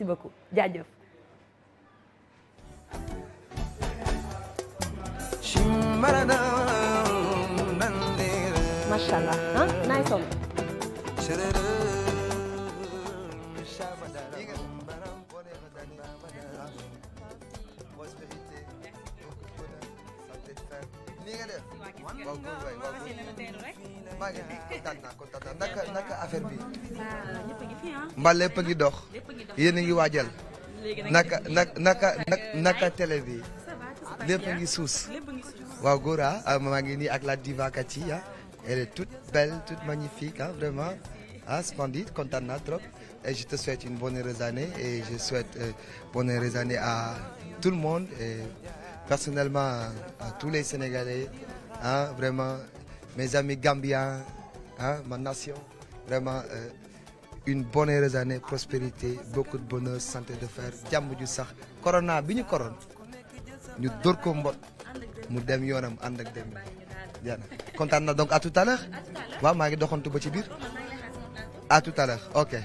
merci beaucoup jaajëf. macha allah naay sol. bi. mbaa lépp a ngi dox yéen a ngi waajal naka naka naka naka télé bi lépp a ngi suus waaw góor ah maa ngi nii ak la diva Katy ah elle tout toute belle toute magnifique ah vraiment ah splendide kontaan naa trop et je te souhaite une bonne heureuse année et je souhaite euh, bonne heureuse année à tout le monde et personnellement à tous les Sénégalais ah vraiment mes amis gambiens ah ma nation vraiment. Euh, une bonne heureuse année prospérité beaucoup de bonheur santé de fer jàmm ju sax korona bi ñu koroon ñu dóor ko mbot mu dem yoonam ànd ak dem jaana kontaan na donc à tout à l'heure waaw maa ngi doxantu ba ci biir à tout à l'heure ok